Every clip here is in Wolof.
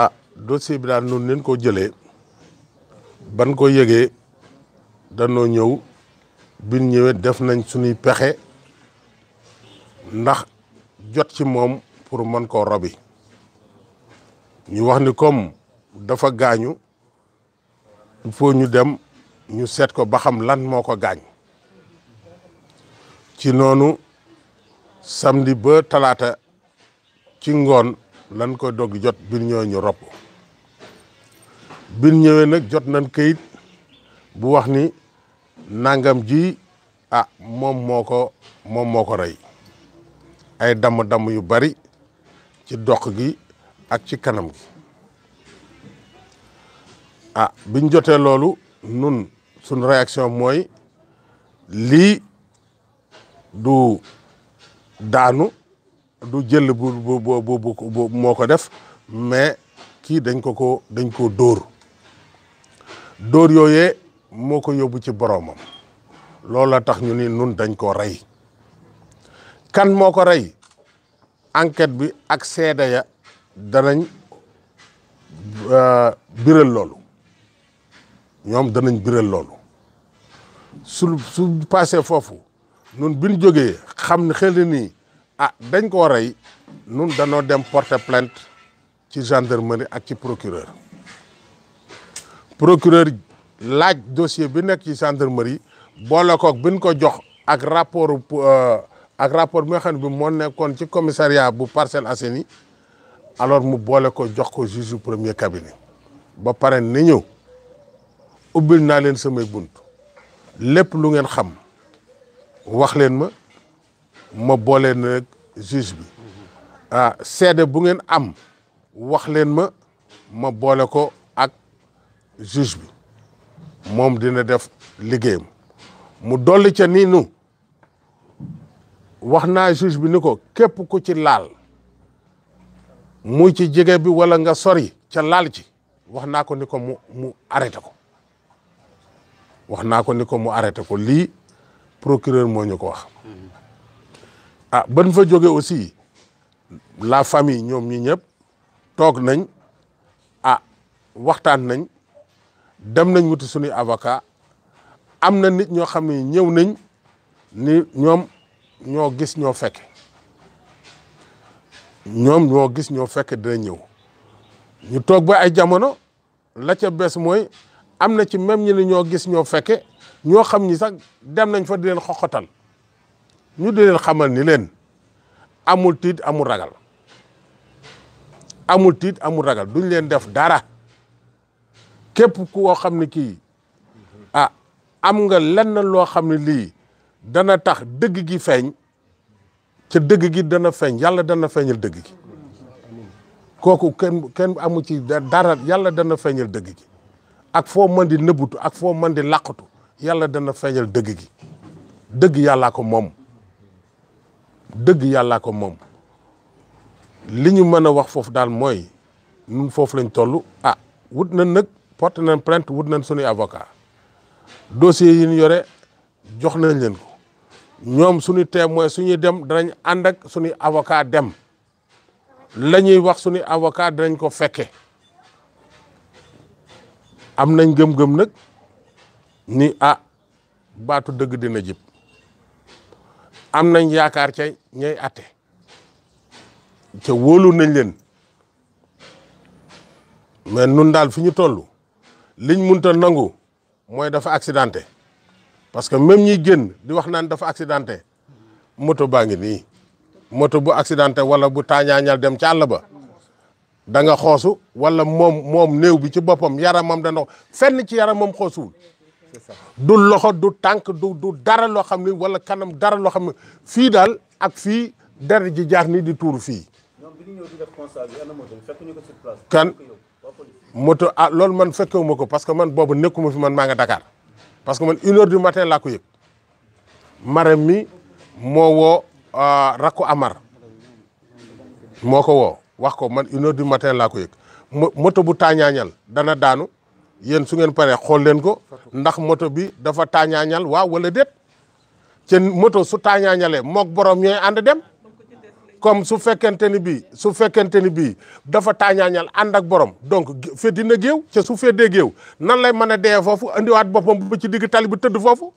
ah dossier bi daal noonu leen koo jëlee ban koo yëgee danoo ñëw bin ñëwee def nañ suñuy pexe ndax jot ci moom pour mën koo robi ñu wax ni comme dafa gaañu il ñu dem ñu seet ko ba xam lan moo ko gaañ ci noonu samedi ba talaata ci ngoon lan ko dog jot bin ñëwee ñu rob bin ñëwee nag jot nañ kayit bu wax ni nangam ji ah moom moo ko moom moo ko rey ay damm-damm yu bari ci doq gi ak ci kanam gi ah biñ jotee loolu nun suñ réaction mooy lii du daanu du jël bu bu bu bu moo ko def mais kii dañ ko ko dañ ko dóor dóor yooyee moo ko yóbbu ci boroomam loolu la tax ñu ni nun dañ ko rey kan moo ko rey enquete bi ak seede ya danañ euh, biral loolu ñoom danañ biral loolu su su foofu nun biñ jógee xam ne xel nii ah dañ ko rey nun danoo dem porter plainte ci gendarmerie ak ci procureur procureur laaj dossier bi nekk ci gendarmerie boole kook bi ko jox ak rapport euh, ak rapport bi nga xam ne bi moo nekkoon ci commissariat bu Parcelles Assainies alors mu boole ko jox ko juge du premier cabinet ba pare ni ñëw ubbil naa leen samay bunt lépp lu ngeen xam wax leen ma ma boole na rek juge bi ah seede bu ngeen am wax leen ma ma boole ko ak juge bi moom dina def liggéeyam mu doll ca niinu wax naa juge bi ni ko képp ku ci laal muy ci jege bi wala nga sori ca laal ci wax naa ko ni ko mu mu arrêté ko wax naa ko ni ko mu arrêté ko lii procureur moo ñu ko wax ah ban fa jóge aussi la famille ñoom ñi ñëpp toog nañ a ah, waxtaan nañ dem nañ wuti suñuy avocat am na nit ñoo xam ne ñëw nañ ni ñoom ñoo gis ñoo fekke ñoom ñoo gis ñoo fekke dina ñëw ñu toog ba ay jamono la ca bés mooy am na ci même ñi ni ñoo gis ñoo fekke ñoo xam ñi sax dem nañ fa di leen xoxotal ñu di leen ni leen amul tiit amul ragal amul tiit amul ragal duñ leen def dara képp xam ne kii a ah, am nga lenn loo xam ne lii dana tax dëgg gi feeñ ca dëgg gi dana feeñ yàlla dana feeñal dëgg gi kenn amu ci dara yàlla dana feeñal dëgg ak foo mën di ak foo mën di làqatu yàlla dana feeñal dëgg gi dëgg yàllaa ko moom dëgg yàllaa ko moom li ñu mën a wax foofu daal mooy ñun foofu lañ toll ah wut na nag porte nañ plainte wut nañ sunuy avocat dossier yi yore jox nañ leen ko ñoom suñu témoin suñuy dem danañ ànd ak suñuy avocat dem la ñuy wax sunu avocat danañ ko fekke am nañ gëm-gëm nag ni ah baatu dëgg dina jib am nañ yaakaar ca ñay atte ca wóolu nañ leen mais nun daal fu ñu tollu liñ munta nangu mooy dafa accidenté parce que même ñiy génn di wax naan dafa accidenté moto baa ngi nii moto bu accidenté wala bu taañaañal dem ca àll ba da nga xoosu wala moom moom néew bi ci boppam yaram mam dana fenn ci yaram yaramam xoosuwul du loxo du tànk du dara loo xam ni wala kanam dara loo xam ne fii daal ak fii dara ji jaar nii di tuur fii. kan moto ah loolu man fekkewu ma ko parce que man boobu nekkuma fi man maa nga Dakar parce que man une heure du matin laa ko yëg maram moo woo ah, rakku Amar moo ko woo wax ko man une du matin laa yëg moto bu taañaañal dana daanu. yéen su ngeen paree xool leen ko ndax moto bi dafa taañaañal waaw wala déet ci moto su taañaañalee mook borom ñooy ànd dem comme su fekkente ni bii su fekkente ni bii dafa taañaañal ànd ak borom donc fee dina géew ca su feddee géew nan lay mën a dee foofu indiwaat boppam ba ci digg tali bu tëdd foofu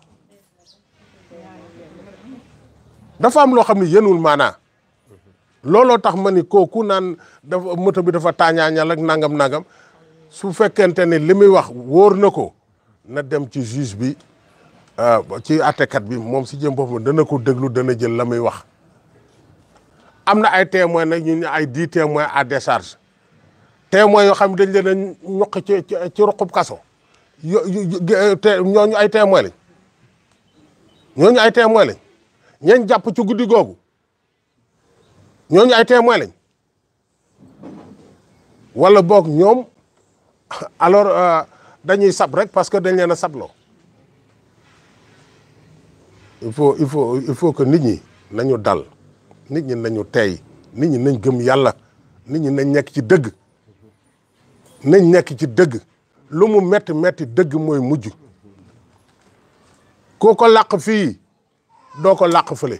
dafa am loo xam ne yéenul maanaa looloo tax ma ni ku naan dafa moto bi dafa taañaañal ak nangam-nangam su fekkente ni li wax wóor na ko na dem ci juge bi euh, ci àttekat bi moom si jëm boppam dana ko déglu dana jël la muy wax am na ay témoins na ñu ay dix témoins à décharge témoins yoo xam ne dañ leen a ñoq ci euh, ay témoins lañ ñooñu ay témoins lañ ñeen jàpp ci guddi googu ñooñu ay témoins lañ wala boog ñoom alors euh, dañuy sab rek parce que dañ leen a sabloo il faut il faut il faut que nit ñi nañu dal nit ñi nañu teey nit ñi nañ gëm yàlla nit ñi nañ nekk ci dëgg nañ nekk ci dëgg lu mu metti metti dëgg mooy mujj koo ko làq fii doo ko làq fële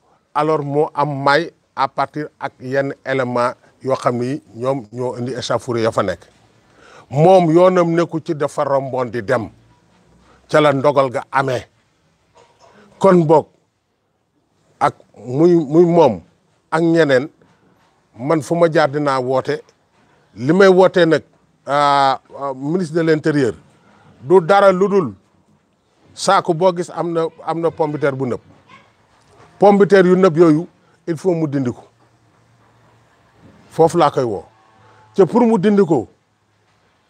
alors moo am may à partir ak yenn élément yoo xam ni ñoom ñoo indi échauffourée ya fa nekk moom yoonam nekku ci dafa romboon di dem cala la ndogal ga amee kon boog ak muy muy moom ak ñeneen man fu ma jaar dinaa woote li may wootee nag euh, euh, ministre de l'intérieur du dara lu dul saako boo gis am na am na pomme bu nëb pombiteer yu nëb yooyu il faut mu dindi ko foofu laa koy woo ca pour mu dindi ko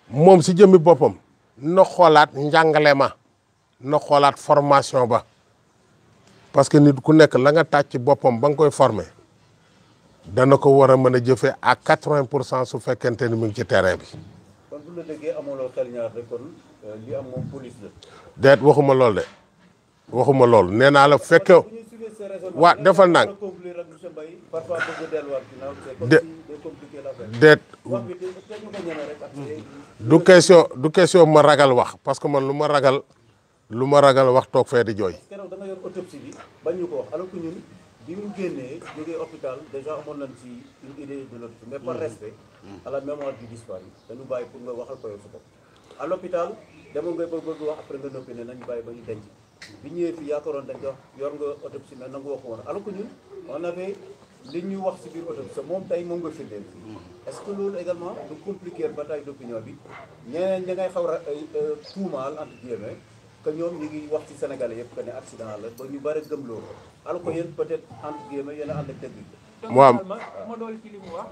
moom si jëmmi boppam na xoolaat njàngale ma na xoolaat formation ba parce que nit ku nekk la nga tàcc boppam ba nga koy former dana ko war a mën a jëfee à quatre-vingt pour cent su fekkente ni mu ngi ci terrain bi. kon euh, waxuma lool de waxuma lool nee fekke waa defal nang déet du question du question ma ragal wax parce que man lu ma ragal lu ma ragal wax toog fee di jooy. keroog da nga yor autopsie à l'hôpital demoon ngay bëgg-bëgg wax après nga noppi ne nañu bàyyi ba ñu denc bi ñëwee fii yaakaaroon dañ wax yor nga autopsie mais nangu waxu woon alors que ñun on avait li ñuy wax si biir autopsie moom moom nga firndeel est ce que loolu également du compliquer bataille d'opinion bi ñeneen ñi ngay xaw a euh, euh, tuumaal entre wax ci sénégalais yëpp que ne la ba ñu bari gëm loolu alors que yéen peut être entre guillemets yéen a ànd ak dëgg bi mu wax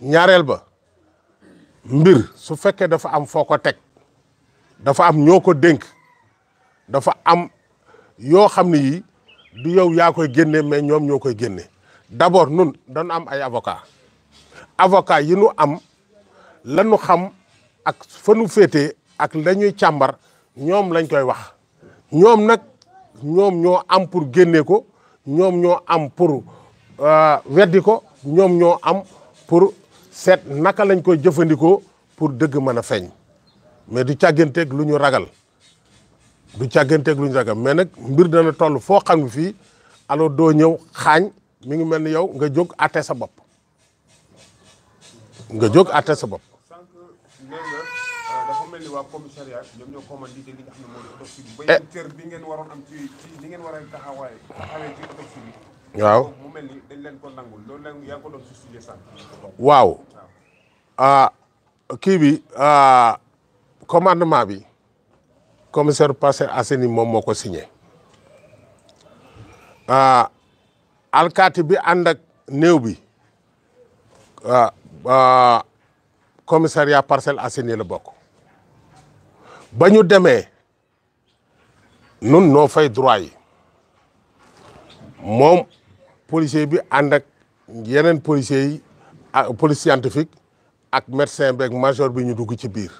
ñaareel ba mbir su fekkee dafa am foo ko teg dafa am ñoo ko dénk dafa am yoo xam ne yii du yow yaa koy génne mais ñoom ñoo koy génne d'abord nun dañu am ay avocat avocat yi nu am lanu xam ak fanu nu féetee ak lañuy càmbar ñoom lañ koy wax ñoom nag ñoom ñoo am pour génne ko ñoom ñoo am pour euh, weddi ko ñoom ñoo am pour seet naka lañ ko jëfandikoo pour dëgg mën a feeñ mais du càgganteeg lu ñu ragal du càgganteeg lu ñu ragal mais nag mbir dana toll foo xam ne fii alors doo ñëw xaañ mi ngi mel ni yow nga jóg àtte sa bopp nga jóg àtte sa bopp. Euh, dafa mel ni waa commissariat ñoom ñoo commandité li nga xam eh. ngeen waroon am li ngeen war a waaw mu mel ni dañ leen ko nangul loolu leen yaa ngi ko doon ah, kii bi ah, commandement bi commissaire Parcelles Assainies moom moo ko signé ah, alkaati bi ànd ak néew bi commissariat Parcelles Assainies la bokk ba ñu demee nun noo fay droit yi moom policier bi ànd ak yeneen policiers yi ah police scientifique ak médecin beeg major bi ñu dugg ci biir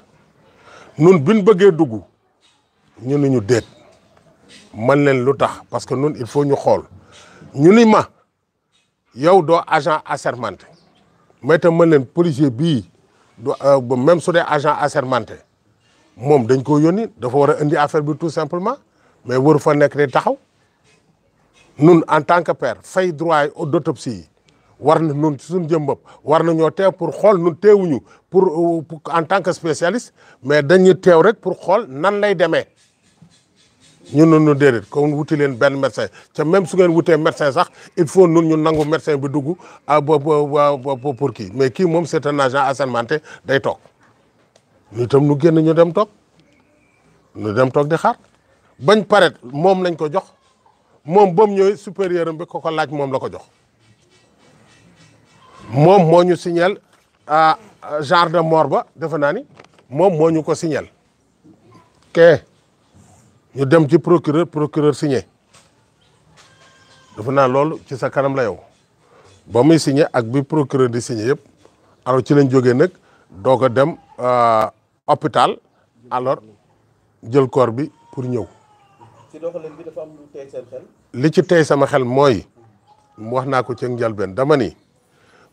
nun biñ bëggee dugg ñun ni ñu déet man leen lu tax parce que nun il faut ñu xool ñu ni ma yow doo agent assermenté mais tam man leen policier bii du euh, même su dee agent assermenté moom dañ ko yónni dafa war a indi affaire bi tout simplement mais war fa nekk day taxaw nun en tant que père fay droit d'autopsie yi war na nun suñu jëm bopp war na ñoo teew pour xool nun teewuñu pour en tant que spécialiste mais dañu teew rek pour xool nan lay demee ñun nun nu déedéet kon wuti leen benn médecin ca même su ngeen wutee médecin sax il faut nun ñu nangu médecin bi dugg ah pour kii mais kii moom c'est un agent assermenté day toog ñu itam nu génn ñu dem toog ñu dem toog di xaar bañ paret moom lañ ko jox moom ba mu ñëwee supérieur am bi ko ko laaj moom la ko jox moom moo ñu signal ah, genre de mort ba defe naa ni moom moo ñu ko signal ke ñu dem ci procureur procureur signé defe naa loolu ci sa kanam la yow ba muy signé ak bi procureur di signé yëpp alors ci lañ jógee nag doog a dem hopital euh, alors jël corps bi pour ñëw. ci li ci tey sama xel mooy wax naa ko ci njëlbeen dama ni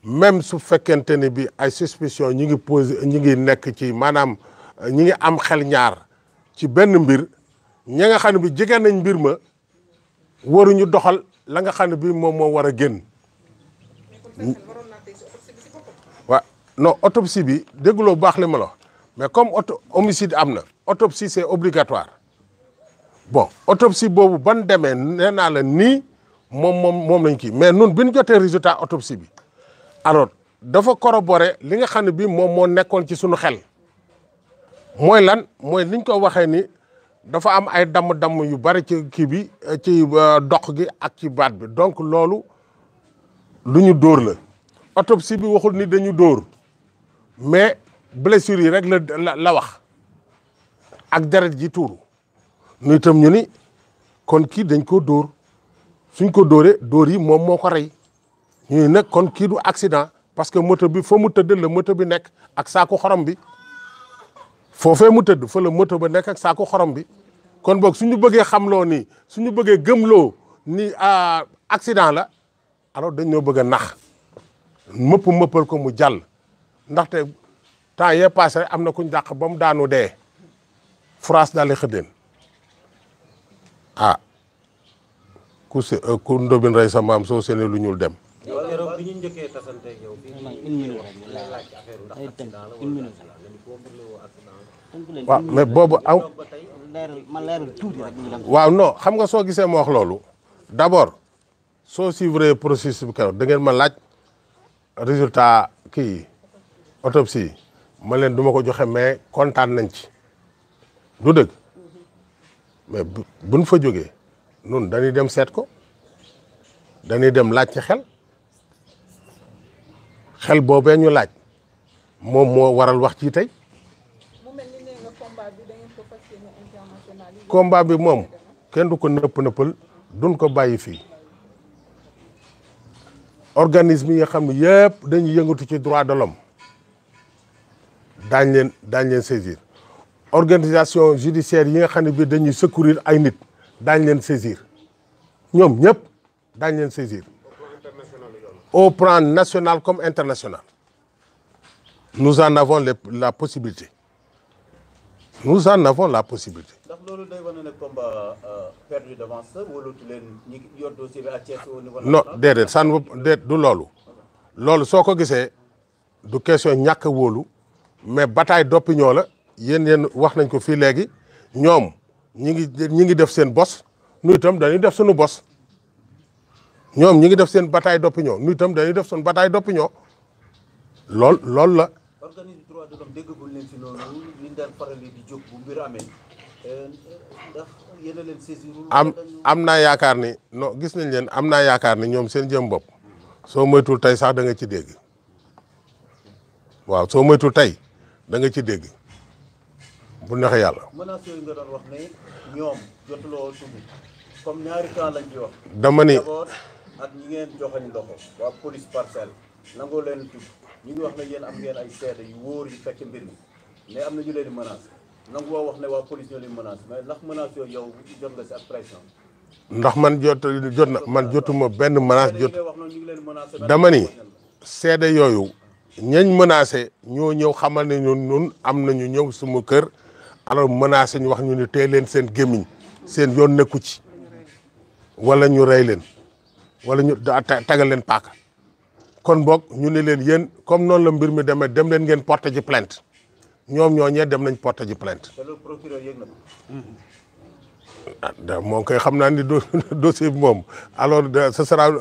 même su fekkente ni bi ay suspicion ñi ngi posé ñi ngi nekk ci maanaam euh, ñi ngi am xel ñaar ci benn mbir ña nga xam ne bi jege nañ mbir ma waruñu doxal la nga xam ne bi moom moo war a génn waa non autopsie bi dégguloo baax li melo mais comme auto homicide am na autopsie c'est obligatoire bon autopsie boobu ban demee nee naa la nii moom moom moom lañ kii mais nun bi ñu jotee résultat autopsie bi alors dafa corroborer li nga xam ne bii moom moo nekkoon ci sunu xel mooy lan mooy niñ ko waxee ni dafa am ay damm-damm yu bari ci kii bi ci euh, doq gi ak ci baat bi donc loolu lu ñu dóor la autopsie bi waxul ni dañu dóor mais blessure yi rek la la wax ak deret ji tuuru nu itam ñu ni kon kii dañ ko dóor suñ ko dóoree dóor yi moom moo ko rey ñu ni nag kon kii du accident parce que moto bi fa mu tëdd la moto bi nekk ak saaku xorom bi foofee mu tëdd fa la moto ba nekk ak saaku xorom bi kon boog suñu bëggee xamloo ni suñu bëggee gëmloo ni ah, accident la alors dañ ñoo bëgg a nax mëpp mëppal ko mu jàll ndaxte temps yee passé am na kuñ dàq ba mu daanu dee France daal di xëddeen ah ku se eh, ku ndobin rey sa maam soo seenee lu ñuul dem. keroog waaw mais boobu aw. waaw non xam nga soo gisee ma wax loolu d'abord soo suivre processus bi keroog da ngeen ma laaj résultat kii autopsie yi ma leen du ma ko joxe mais kontaan nañ ci du dëgg. mais buñ fa jógee nun dañuy dem seet ko dañuy dem laaj xel xel boobee ñu laaj moom moo waral wax ci tey combat bi moom kenn du ko nëpp nëppal duñ ko bàyyi fii organisme yi nga xam ne yëpp dañuy yëngatu ci droit de l'homme daañ leen daañ leen saisir organisation judiciaire yi nga xam ne bii dañuy secourir ay nit daañ leen saisir ñoom ñëpp daañ leen saisir au plan national comme international nous en avons les, la possibilité nous en avons la possibilité. ndax loolu day wane ne combat euh, perdu du loolu. loolu soo ko gisee du question ñàkk wóolu mais bataille d'opinion la. yéen yéen wax nañ ko fii léegi ñoom ñi ngi ñi ngi def seen bos nu itam dañuy def suñu bos ñoom ñi ngi def seen bataille d'opinion nu itam def suñu bataille d'opinion lool loolu la a am am naa yaakaar ni non gis nañ leen am naa yaakaar ni ñoom seen jëm bopp soo moytul tey sax da ci dégg waaw soo moytul tey da nga ci dégg bu neexee yàlla. menaces yooyu nga doon wax ne ñoom comme ñaari cas lañ ci wax. dama ni d'abord ak ñi ngeen joxañ loxo waa police parcelle nangoo leen tudd ñu wax ne yéen am ngeen ay seede yu wóor yu fekk mbir mais am na ñu leen di menace nangu woo wax ne waa police ñoo leen menace ndax menaces yooyu yow jot nga si ak pression. ndax man jot jot na man jotuma benn menace jot dama ni seede yooyu ñañ menacé ñoo ñëw xamal ne ñun am na ñu ñëw suma kër. alors menacé ñu wax ñu ne tey leen seen gémmiñ seen yoon nekku ci wala ñu rey leen wala ñu tagal leen paaka kon boog ñu ne leen yéen comme noonu la mbir mi demee dem leen ngeen porté ji plainte ñoom ñoo ñee dem nañ porté ji plainte ah, da moom koy xam naa ni dossier bi moom alors ce